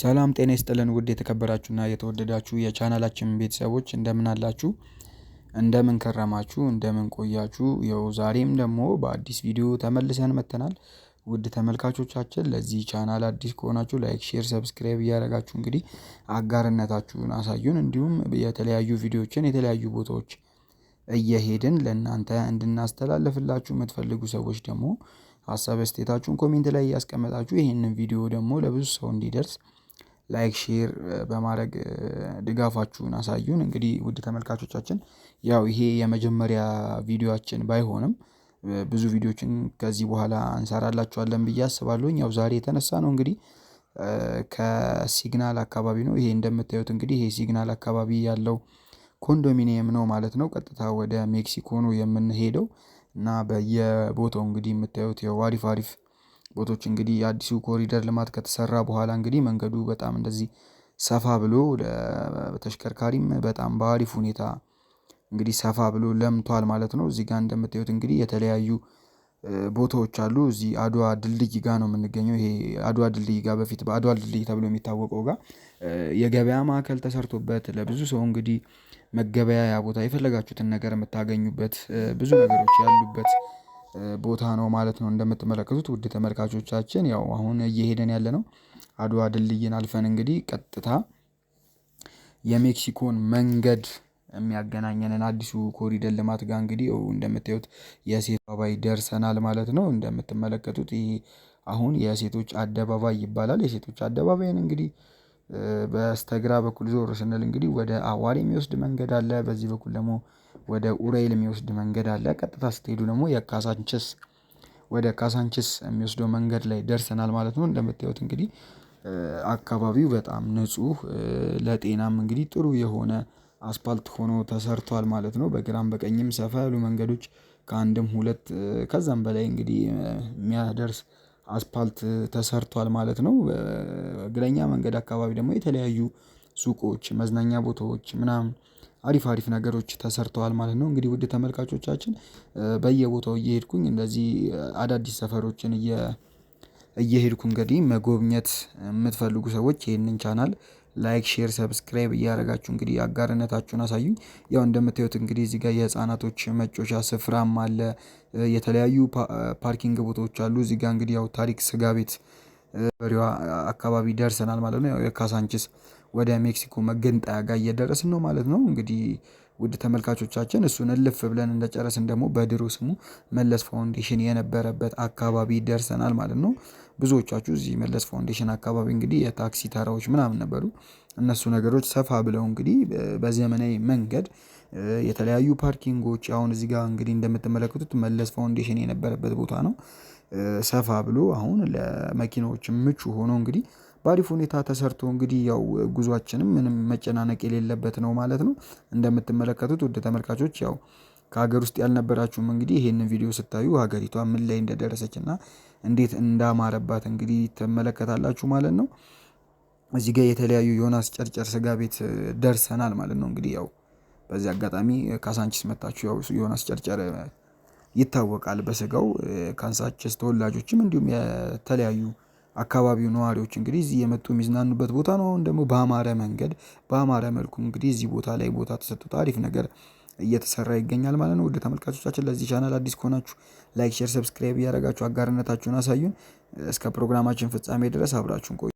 ሰላም ጤና ይስጥልን ውድ የተከበራችሁና የተወደዳችሁ የቻናላችን ቤተሰቦች እንደምን አላችሁ? እንደምን ከረማችሁ? እንደምን ቆያችሁ? ያው ዛሬም ደግሞ በአዲስ ቪዲዮ ተመልሰን መጥተናል። ውድ ተመልካቾቻችን ለዚህ ቻናል አዲስ ከሆናችሁ ላይክ፣ ሼር፣ ሰብስክራይብ እያደረጋችሁ እንግዲህ አጋርነታችሁን አሳዩን። እንዲሁም የተለያዩ ቪዲዮዎችን የተለያዩ ቦታዎች እየሄድን ለእናንተ እንድናስተላልፍላችሁ የምትፈልጉ ሰዎች ደግሞ ሀሳብ አስተያየታችሁን ኮሜንት ላይ እያስቀመጣችሁ ይህንን ቪዲዮ ደግሞ ለብዙ ሰው እንዲደርስ ላይክ ሼር በማድረግ ድጋፋችሁን አሳዩን። እንግዲህ ውድ ተመልካቾቻችን ያው ይሄ የመጀመሪያ ቪዲዮችን ባይሆንም ብዙ ቪዲዮችን ከዚህ በኋላ እንሰራላችኋለን ብዬ አስባለሁኝ። ያው ዛሬ የተነሳ ነው እንግዲህ ከሲግናል አካባቢ ነው። ይሄ እንደምታዩት እንግዲህ ይሄ ሲግናል አካባቢ ያለው ኮንዶሚኒየም ነው ማለት ነው። ቀጥታ ወደ ሜክሲኮ ነው የምንሄደው እና በየቦታው እንግዲህ የምታዩት ያው አሪፍ አሪፍ ቦታዎች እንግዲህ የአዲሱ ኮሪደር ልማት ከተሰራ በኋላ እንግዲህ መንገዱ በጣም እንደዚህ ሰፋ ብሎ ለተሽከርካሪም በጣም በአሪፍ ሁኔታ እንግዲህ ሰፋ ብሎ ለምቷል ማለት ነው። እዚህ ጋር እንደምታዩት እንግዲህ የተለያዩ ቦታዎች አሉ እዚህ አድዋ ድልድይ ጋ ነው የምንገኘው ይሄ አድዋ ድልድይ ጋ በፊት በአድዋ ድልድይ ተብሎ የሚታወቀው ጋ የገበያ ማዕከል ተሰርቶበት ለብዙ ሰው እንግዲህ መገበያያ ቦታ የፈለጋችሁትን ነገር የምታገኙበት ብዙ ነገሮች ያሉበት ቦታ ነው ማለት ነው። እንደምትመለከቱት ውድ ተመልካቾቻችን ያው አሁን እየሄደን ነው አድዋ ድልድይን አልፈን እንግዲህ ቀጥታ የሜክሲኮን መንገድ የሚያገናኘንን አዲሱ ኮሪደር ልማት ጋር እንግዲህ እንደምታዩት የሴት አባይ ደርሰናል ማለት ነው። እንደምትመለከቱት ይሄ አሁን የሴቶች አደባባይ ይባላል። የሴቶች አደባባይን እንግዲህ በስተግራ በኩል ዞር ስንል እንግዲህ ወደ አዋር የሚወስድ መንገድ አለ። በዚህ በኩል ደግሞ ወደ ኡራኤል የሚወስድ መንገድ አለ። ቀጥታ ስትሄዱ ደግሞ የካሳንችስ ወደ ካሳንችስ የሚወስደው መንገድ ላይ ደርሰናል ማለት ነው። እንደምታዩት እንግዲህ አካባቢው በጣም ንጹህ ለጤናም እንግዲህ ጥሩ የሆነ አስፓልት ሆኖ ተሰርቷል ማለት ነው። በግራም በቀኝም ሰፋ ያሉ መንገዶች ከአንድም ሁለት ከዛም በላይ እንግዲህ የሚያደርስ አስፓልት ተሰርቷል ማለት ነው። እግረኛ መንገድ አካባቢ ደግሞ የተለያዩ ሱቆች መዝናኛ ቦታዎች ምናምን አሪፍ አሪፍ ነገሮች ተሰርተዋል ማለት ነው። እንግዲህ ውድ ተመልካቾቻችን በየቦታው እየሄድኩኝ እንደዚህ አዳዲስ ሰፈሮችን እየሄድኩ እንግዲህ መጎብኘት የምትፈልጉ ሰዎች ይህንን ቻናል ላይክ ሼር ሰብስክራይብ እያደረጋችሁ እንግዲህ አጋርነታችሁን አሳዩኝ። ያው እንደምታዩት እንግዲህ እዚህ ጋር የህፃናቶች መጮሻ ስፍራም አለ። የተለያዩ ፓርኪንግ ቦታዎች አሉ። እዚህ ጋር እንግዲህ ያው ታሪክ ስጋ ቤት በሪዋ አካባቢ ደርሰናል ማለት ነው። ያው ወደ ሜክሲኮ መገንጠያ ጋር እየደረስን ነው ማለት ነው። እንግዲህ ውድ ተመልካቾቻችን እሱን እልፍ ብለን እንደጨረስን ደግሞ በድሮ ስሙ መለስ ፋውንዴሽን የነበረበት አካባቢ ደርሰናል ማለት ነው። ብዙዎቻችሁ እዚህ መለስ ፋውንዴሽን አካባቢ እንግዲህ የታክሲ ተራዎች ምናምን ነበሩ። እነሱ ነገሮች ሰፋ ብለው እንግዲህ በዘመናዊ መንገድ የተለያዩ ፓርኪንጎች አሁን እዚህ ጋር እንግዲህ እንደምትመለከቱት መለስ ፋውንዴሽን የነበረበት ቦታ ነው። ሰፋ ብሎ አሁን ለመኪናዎች ምቹ ሆኖ እንግዲህ በአሪፍ ሁኔታ ተሰርቶ እንግዲህ ያው ጉዟችንም ምንም መጨናነቅ የሌለበት ነው ማለት ነው። እንደምትመለከቱት ውድ ተመልካቾች ያው ከሀገር ውስጥ ያልነበራችሁም እንግዲህ ይሄንን ቪዲዮ ስታዩ ሀገሪቷ ምን ላይ እንደደረሰች እና እንዴት እንዳማረባት እንግዲህ ትመለከታላችሁ ማለት ነው። እዚህ ጋር የተለያዩ ዮናስ ጨርጨር ስጋ ቤት ደርሰናል ማለት ነው። እንግዲህ ያው በዚህ አጋጣሚ ካሳንቺስ መታችሁ ያው ዮናስ ጨርጨር ይታወቃል። በስጋው ካንሳቸስ ተወላጆችም እንዲሁም የተለያዩ አካባቢው ነዋሪዎች እንግዲህ እዚህ የመጡ የሚዝናኑበት ቦታ ነው። አሁን ደግሞ በአማረ መንገድ በአማረ መልኩ እንግዲህ እዚህ ቦታ ላይ ቦታ ተሰጥቶ አሪፍ ነገር እየተሰራ ይገኛል ማለት ነው። ወደ ተመልካቾቻችን ለዚህ ቻናል አዲስ ከሆናችሁ ላይክ፣ ሼር፣ ሰብስክራይብ እያደረጋችሁ አጋርነታችሁን አሳዩን። እስከ ፕሮግራማችን ፍጻሜ ድረስ አብራችሁን ቆዩ።